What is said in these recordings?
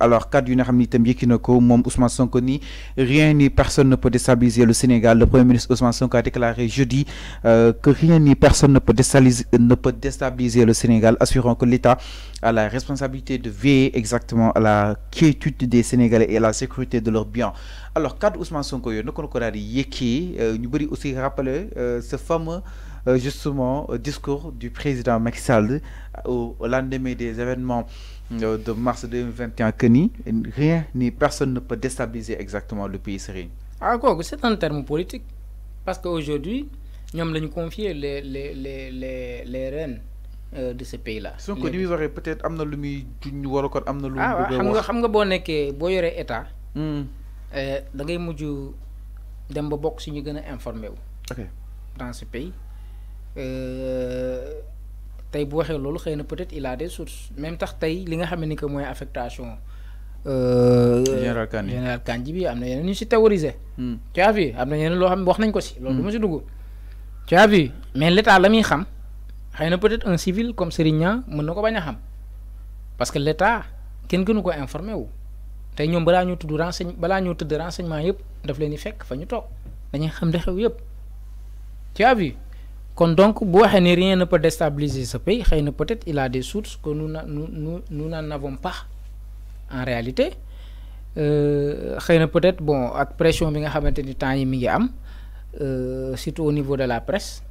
alors cadre d'une Ousmane Sonko rien ni personne ne peut déstabiliser le Sénégal le premier ministre Ousmane Sonko a déclaré jeudi euh, que rien ni personne ne peut déstabiliser ne peut déstabiliser le Sénégal assurant que l'État a la responsabilité de veiller exactement à la quiétude des Sénégalais et à la sécurité de leurs biens alors cadre Ousmane Sonko nous euh, voulons aussi rappeler euh, ce fameux justement discours du président Macky au lendemain des événements de mars 2021 que ni rien ni personne ne peut déstabiliser exactement le pays syrien. Ah, c'est un terme politique. Parce qu'aujourd'hui, nous avons confié les, les, les, les, les euh, de ce pays-là. Si on dit peut-être amna lu du nouveau wala kon amna lu ah xam nga xam nga bo nekké bo yoré état hmm euh da ngay informer Dans ce pays euh, tey bu waxee loolu xëy na peut-être il a des sources même tax tey li nga xam ni que mooy affectation. Euh, général Kandji général Kandji bi am na yeneen ñu si théorisé. Hmm. tu as vu am na yeneen loo xam wax nañ ko si. loolu du hmm. ma si dugg. tu as vu mais l'état la muy xam xëy na peut-être un civil comme Serigne Niang mën na ko bañ a xam parce que l'état kenn gënu ko informé wu tey ñoom balaa ñu tudd renseign balaa ñu tëdd renseignement yëpp daf leen di fekk fa ñu toog dañuy xam li xew yëpp tu as vu. kon donc boo waxee ne rien ne peut déstabiliser ce pays xëy peut-être il a des sources que nous nous nous nous avons pas en réalité Euh, peut-être bon ak pression bi nga xamante ni temps yi euh, surtout au niveau de la presse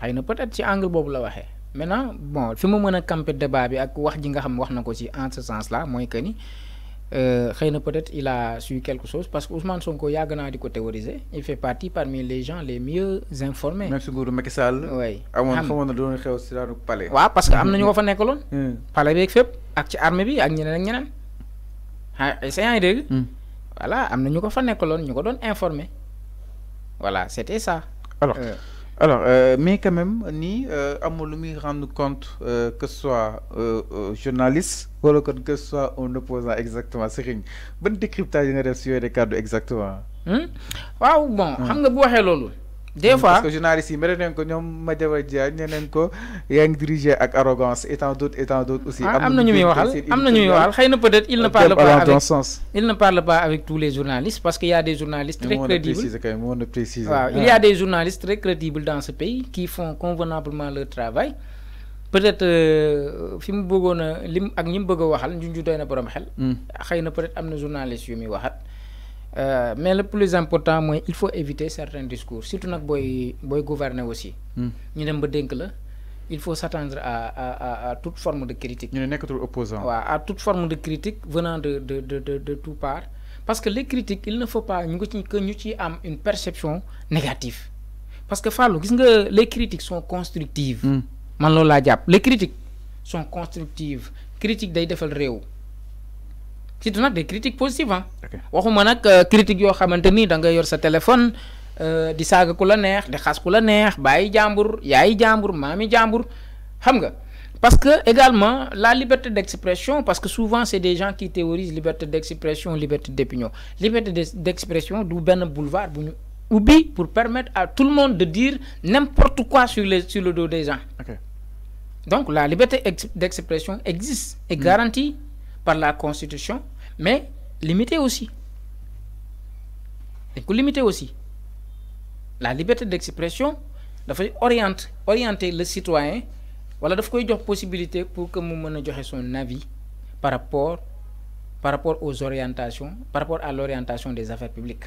xëy peut-être ci angle bobu la waxé. maintenant bon fi mu mën camper débat bi ak wax ji nga xam wax na ci en ce sens là mooy que ni. Euh, xëy peut-être il a su quelque chose parce que Ousmane Sonko yàgg naa di ko théoriser il fait partie parmi les gens les mieux informés. même si Gourou Macky Sall. oui amoon xamoon na doon xew si daanu palais. waaw parce que am na ñu ko fa nekkaloon. Hmm. Hmm. palais beeg fépp ak ci armée bi ak ñeneen ak ñeneen ah c'est yaa idée. Hmm. voilà am na ñu ko fa nekkaloon ñu ko doon informer voilà c'était ça. alors. Euh, alors euh, mais quand même ni nous euh, lu rendre compte euh, que ce soit euh, journaliste ou que ce soit un opposant exactement c'est rien. décryptage décrypte sur les cadres exactement hmm? Waouh, bon hmm. xam nga bu waxee des fois parce que il ne parle pas avec tous les journalistes parce qu'il y a des journalistes très il y a des journalistes très crédibles dans ce pays qui font convenablement leur travail peut-être euh, mais le plus important il faut éviter certains discours surtout nag boy, gouverner aussi. Hmm. il faut s'attendre à à toute forme de critique. opposant. à toute forme de critique venant de de de de tout part parce que les critiques il ne faut pas que nous ayons une perception négative parce que les critiques sont constructives. Hmm. les critiques sont constructives critique day defal des critiques positives hein. euh, critiques da nga yor sa téléphone euh, di saga la neex la jambour, parce que également la liberté d'expression parce que souvent c'est des gens qui théorisent liberté d'expression liberté d'opinion liberté d'expression du ben boulevard oubi pour permettre à tout le monde de dire n'importe quoi sur les sur le dos des gens. donc la liberté d'expression existe et mm. garantie par la constitution mais limiter aussi limiter limité aussi la liberté d'expression doit orienter le citoyen voilà daf koy jox possibilité pour que nous manager son avis par rapport par rapport aux orientations par rapport à l'orientation des affaires publiques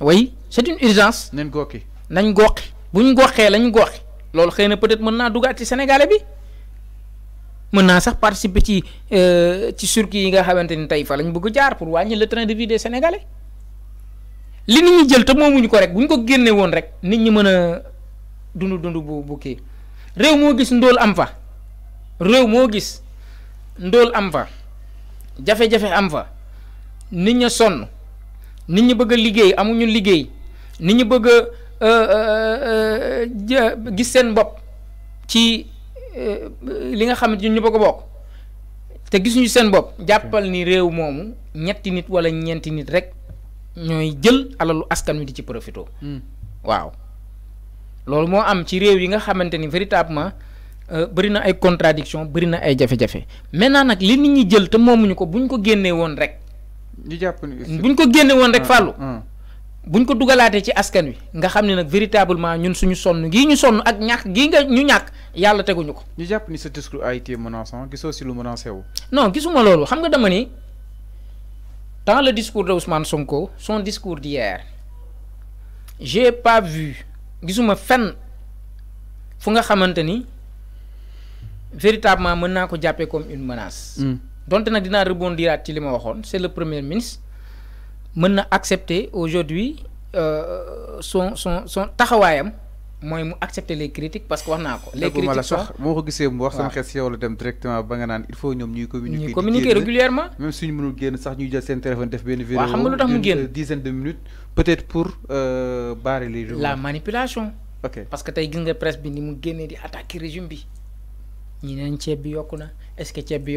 way hmm. c'est une urgence. nañ goqi nañ goqi buñ goqee lañ goqi loolu xëy na peut-être mën naa dugaat ci sénégalais bi mën naa sax participer ci euh, ci circuit yi nga xamante ni tey fa lañ bëgg jaar pour wàññi le train de vide des li nit ñi jël te moom moomuñu ko rek buñ ko génne woon rek nit ñi mën a dund dund bu bu réew moo gis ndóol am fa réew moo gis ndóol am fa jafe-jafe am fa nit ña sonn. nit ñi bëgg a liggéey amuñu liggéey nit ñi bëgg a euh, euh, euh, gis seen bopp ci li nga xamante ñu bëgg a bokk te gisuñu seen bopp jàppal ni réew moomu ñetti nit wala ñeenti nit rek ñooy jël alalu askan wi di ci profito hmm. waaw loolu moo am ci réew yi nga xamante ni véritablement bëri na ay contradiction bëri na ay jafe-jafe maintenant nag li nit ñi jël te moomuñu ko buñ ko génnee woon rek ñu jàpp ni buñ ko génne woon rek ah, fàllu ah. buñ ko dugalaatee ci askan wi nga xam ne nag véritablement ñun suñu sonn gii ñu sonn ak ñàkk gii nga ñu ñàkk yàlla teguñu ko. ñu jàpp ni ce discours a été menaçant gisoo si lu menacé wu. non gisuma loolu xam nga dama ni dans le discours de Ousmane Sonko son discours d'hier j'ai pas vu gisuma fenn fu nga xamante ni véritablement mën naa ko jàppee comme une menace. Mm. Dont nag dinaa rebondiraat ci c'est le premier ministre qui accepter aujourd'hui euh, son son son accepter les critiques parce que wax les critiques sax wax sama directement il faut communiquer. régulièrement même si mënul sax ñuy jël téléphone def de minutes peut-être pour euh, barrer les la manipulation. parce que tay gis presse bi ni mu attaquer régime est-ce que bi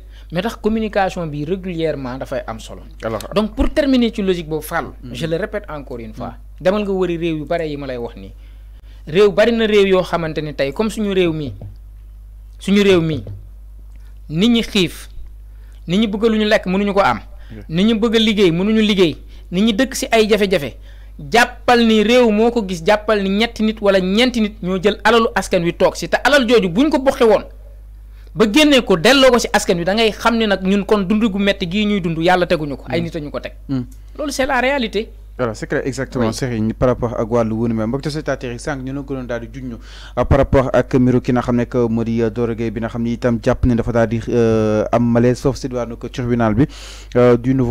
mais la communication bi régulièrement fay am solo. donc pour terminer ci logique hmm. je le répète encore une fois. Hmm. demal nga wëri réew yu bare yi ma wax ni réew bari na réew comme suñu réew mi suñu réew mi nit ñi bëgg mënuñu ko am. nit bëgg liggéey mënuñu liggéey nit dëkk ci ay ni réew moko gis ni ñetti nit wala nit ñoo jël alalu askan wi tok ci alal joju buñ ko ba génnee ko delloo ko ci askan wi da ngay xam ne nag ñun kon dund gu metti gii ñuy dund yàlla teguñu ko ay nit a ñu ko teg. Hmm. loolu c'est la réalité. voilà c'est clair exactement Serigne par rapport ak wàllu wunu me mbokk tasatatéri sànq ñu na gënoon daal di juññu par rapport ak mbiru ki nga xam ne que moo di euh, Doro Gueye bi nga xam ne itam jàpp ne dafa daal di euh, am malaise sauf si diwaanu ko tribunal bi euh, du nouveau